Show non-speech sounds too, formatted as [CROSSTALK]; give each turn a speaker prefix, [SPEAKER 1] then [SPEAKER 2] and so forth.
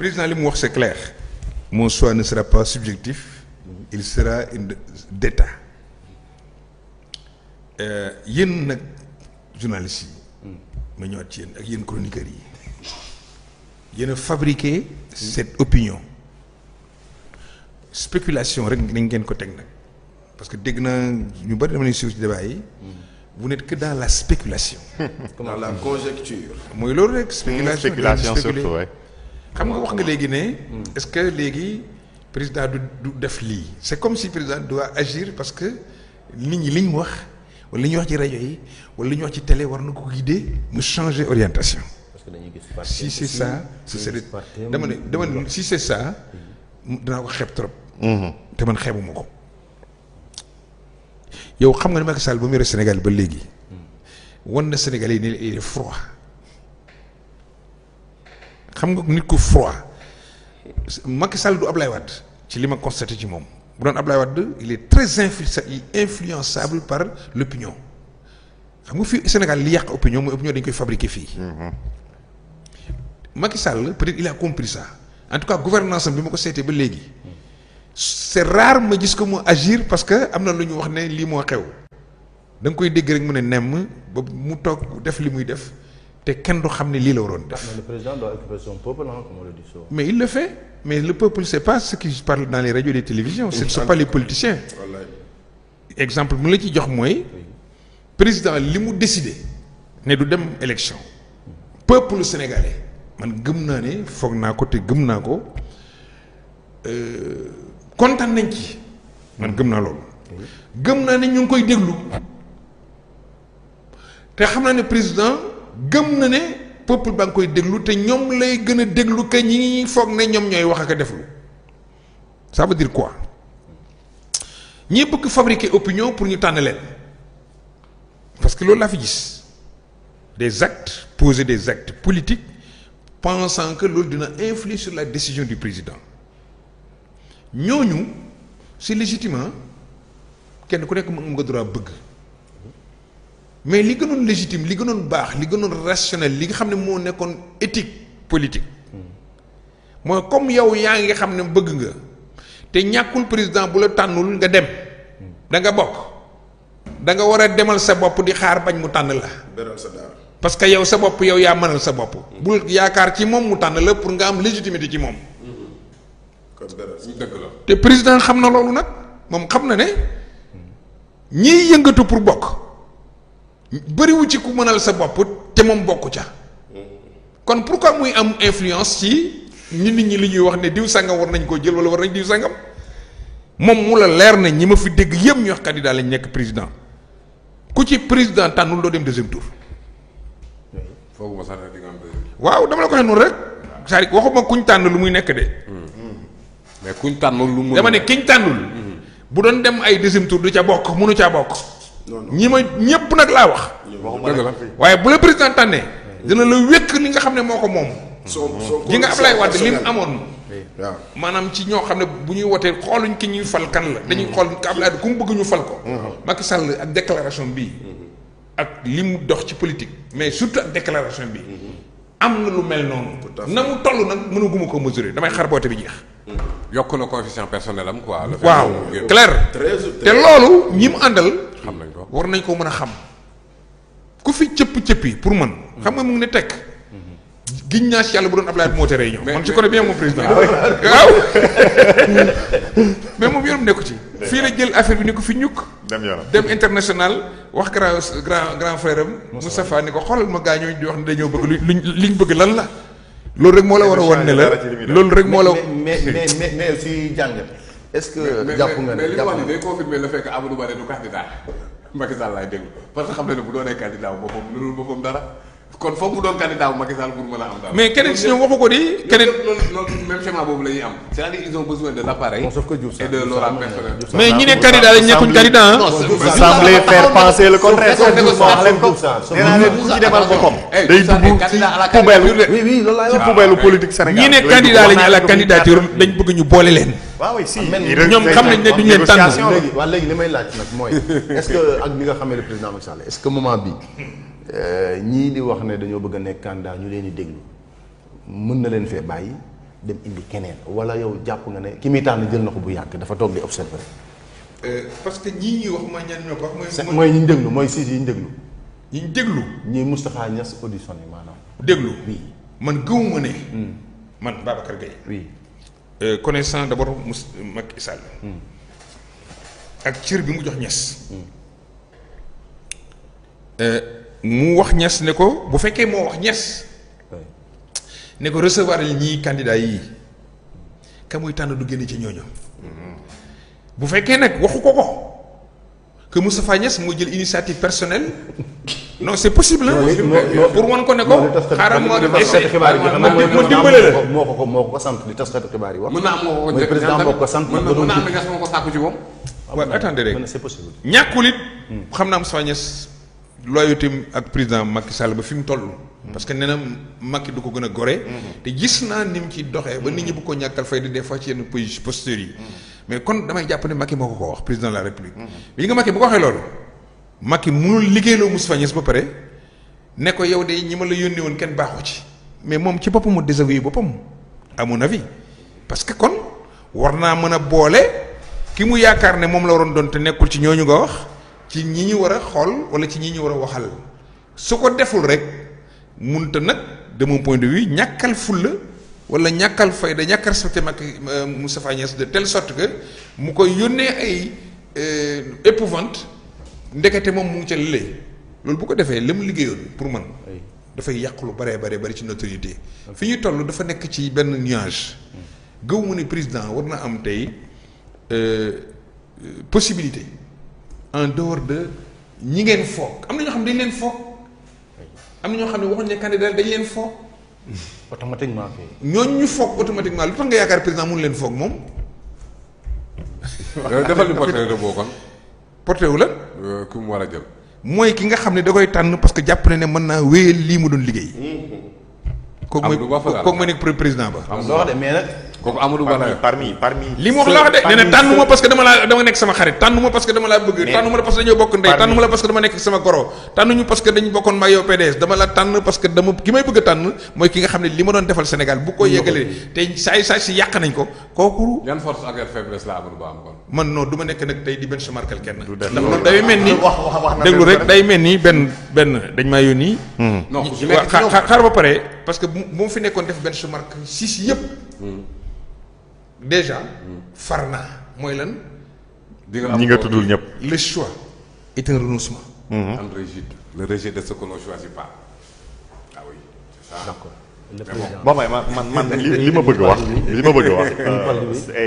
[SPEAKER 1] président li c'est clair mon choix ne sera pas subjectif il sera d'état euh, yéen nag journalistes yi ma ci y ak une chroniqueurs yi y a fabriqué cette opinion spéculation rek ce que ko parce que dégg que ñu bari dama débat vous n'êtes que dans la spéculation [LAUGHS] dans la conjecture mooy spéculation spéculation surtout xam nga wax nga léegi ne. Hmm. est-ce que léegi président du du def lii. c'est comme si président doit agir parce que nit ñi li ñu wax wala li ñu wax ci rajo yi wala li ñu wax ci télé war na ko guider mu changer orientation. parce que dañuy gis si c'est ça ce serait dama ne dama ne si c'est ça dinaa ko xeeb trop. Hmm. te man xeebuma ko. yow xam nga ne Macky Sall ba mu yore Sénégal ba léegi. Hmm. wan na Sénégalais yi ne il est froid xam nga nit ku froid Macky Sall du Ablaye Wade ci li ma constaté ci moom bu doon Ablaye Wade il est très influençable par l'opinion xam nga fii Sénégal li yàq opinion mooy opinion dañ koy fabriquer fii. Macky Sall peut-être il a compris ça en tout cas gouvernance am bi ma ko seetee ba léegi c'est rare ma gis ko mu agir parce que am na lu ñu wax ne lii moo xew da nga koy dégg rek mu ne nemm ba mu toog def li muy def. The président son peuple hein, mais il le fait mais le peuple sait pas ce qui parle dans les radios et les télévisions. ce ne sont pas les politiciens. exemple président décidé. élection. peuple sénégalais. Euh, nañ ci. man gëm ne koy déglu. président gëm na ne peuple ba nga koy déglu te ñoom lay gën a déglu que ñi foog ne ñoom ñooy wax ak a deflu ça veut dire quoi ñi bëgg fabriquer opinion pour ñu tànn leen parce que loolu laa fi gis des actes poser des actes politiques pensant que loolu dina influer sur la décision du président ñooñu c'est légitimement hein? kenn ku nekk mu nga droit bëgg mais li gënoon légitime li gënoon baax li gënoon rationnel li nga xam ne moo nekkoon éthique politique mooy comme yow yaa ngi xam ne bëgg nga te ñàkkul président bu la tànnul nga dem da nga bokk da nga war a demal sa bopp di xaar bañ mu tànn la parce que yow sa bopp yow yaa mënal sa bopp bul yaakaar ci moom mu tànn la pour nga am légitimité ci moom te président xam na loolu nag moom xam na ne ñiy yëngatu pour bokk bëriwu ci ku mënal sa bopp te moom bokku ca kon pourquoi muy am influence ci nit ñi li ñuy wax ne diw sangam war nañ koo jël wala war nañ diw sangam moom mu la leer na ñi ma fi dégg yëpp ñu wax candidat lañ nekk président ku ci président tànnul doo dem deuxième tour. waaw dama la ko waxee rek. cest à waxuma kuñ tànn lu muy nekk de. kuñ tànnul lu mu. dama ne kiñ tànnul. Mm-hmm. bu doon dem ay deuxième tour du ca bokk mënu caa bokk. ñi ma ñëpp nag laa wax. dëgg la waaye bu la président tànnee. dina la wékk li nga xam ne moo ko moom. soo soo gi nga Ablaye Wade li mu amoon. waaw maanaam ci ñoo xam ne bu ñuy wootee xooluñ ki ñuy fal kan la. dañuy xool Ablaye ku mu bëgg fal ko. Uh-huh. Macky Sall ak déclaration bii. Uh-huh. ak li mu dox ci politique. mais surtout ak déclaration bii. Uh-huh. am na lu mel noonu. na mu toll nag mënaguma ko mesurer damay xar bi jeex. yokk na coefficient personnel am quoi. waaw clair te loolu ñi mu àndal. war nañ ko mën a xam ku fi cëpp cëppi pour man xam nga mu ngi ne tekk giñ naa si yàlla bu doon ablaye moo tere ñëw man ci ko bien mon président [LAUGHS] waaw [LAUGHS] mais moom yoonam nekku ci fii la jël affaire bi ni ko fi ñukk dem yoonam dem international wax grand grand grand frère am Moustapha ni ko xoolal ma gaa ñooñu di wax ne dañoo bëgg liñ bëgg lan la loolu rek moo la war a won ne la loolu rek moo la mais mais mais mais si jàngat est ce que jàpp nga ne jàpp nga ne day confirmer le fait que Amadou Ba du candidat Macky Sall laay déglu parce que xam na ne bu doonee candidat wu boppam loolu boppam dara kon foog doon candidat wu Macky Sall pour mën a am dara. mais keneen si ñoom waxu ko di. keneen mais ñi ne candidat lañ nekkuñ candidat ah. non semblé faire penser le contraire. sauf Diouf Sarr sauf Diouf Sarr Eh, day dugg eh, ci poubelle oui oui loolu laa ci poubelle ah, politique Sénégal bëgg ñu boole leen. waaw oui ñoom xam nañ ne duñ leen tànn. léegi li may laaj nag mooy [LAUGHS] est ak li nga xam ne président Macky Sall est-ce moment bi euh, ñii di wax ne dañoo bëgg a nekk candidat ñu leen di déglu mën na leen fee bàyyi dem indi keneen wala yow jàpp nga ne ki muy tànn jël na ko bu yàgg dafa toog di observer. Euh, parce que ñii wax mooy ñan ñoo ko wax. mooy mooy ñu déglu mooy siis yi ñu déglu ñi déglu. ñi Moustapha Niass auditionné maanaam. déglu man gëwuma ne. Hmm. man Babacar Gueye. oui euh, connaissant d' abord Mous Macky Sall. Hmm. ak cër bi mu jox Niass. Hmm. Euh, mu wax Niass ne ko bu fekkee moo wax Niass. ne ko recevoir yi ñii candidat yii ka tànn du génn ci ñooñu. bu fekkee nag waxu ko ko. que Moustapha Niass moo jël initiative personnelle non c'est possible hein pour wan ko ne ko xaaral ma essayé ma dimbale la moo ko ko moo ko ko sant yi wax mën naa am moo ko ko président moo ko sant mën naa am nga moo ñàkkul it hmm. xam naa Moustapha Niass loyauté ak président Macky Sall ba fi mu toll hmm. parce que nee na Macky du ko gën a gore hmm. te gis naa ni mu ci doxee ba nit ñi bu ko ñàkkal fay di des fois ci yenn postures yi mais kon damay jàpp ne Macky moo ko wax président de la république. bi nga Macky bu ko waxee loolu. Macky munul liggéeyloo Moustapha Niasse ba pare ne ko yow de ñi ma la yónnee woon kenn baaxu ci. mais moom ci boppam mu désavoué boppam à mon avis parce que kon warna naa mën a boole ki mu yaakaar ne moom la waroon doon te nekkul ci ñooñu nga wax ci ñi ñu war a xool wala ci ñi ñu war a waxal su ko deful rek munta nag de mon point de vue ñàkkal fulla wala ñàkkal fayda ñàkk respecté mag euh, Moustapha Niass de telle sorte que mu koy yónnee ay euh, épouvante ndekete moom mu ngi ca lële loolu bu ko defee li mu liggéeyoon pour man dafay yàq lu bare bare bari ci notoriété fi ñuy toll dafa nekk ci benn nuage mm. gëw mu ne président war na am tey euh, possibilité en dehors de ñi ngeen foog am na ñoo xam ne dañ leen foog am na ñoo xam ne waxuñ ne candidat dañ leen foog [LAUGHS] automatiquement kay. ñooñu ñu foog automatiquement lu tax nga yaakaar président mënu leen foog moom. [LAUGHS] defal ñu wu la. Euh, ku mooy ki nga xam ne da koy tànn parce que jàpp na ne mën naa wéyal lii mu doon liggéey. Mm-hmm.
[SPEAKER 2] kooku mooy kooku mooy
[SPEAKER 1] nekk président ba. kooku Amadou Ba la parmi parmi li mu wax la wax de nee na tànnuma parce dama nekk sama xarit tànnuma parce dama laa bëgg tànnuma la parce dañoo bokk ndey tànnuma la parce dama nekk sama goro tànnuñu parce dama la tànn parce a ma doon defal Sénégal bu ko yeggalee te man non du nekk nag tey di benchmarkal kenn ndax noonu day mel ni déglu rek day mel ni benn benn dañ maa yónni hmm. xaar ba pare parce que bu mu fi nekkoon def benchmark six yëpp hmm. déjà. Hmm. far naa mooy lan. di nga am ñi nga tuddul ñëpp. le choix est un renoncement. Hmm. le rejet de ce que l'on choisit pas. ah oui c'est li ma bëgg wax li ma bëgg wax. [LAUGHS]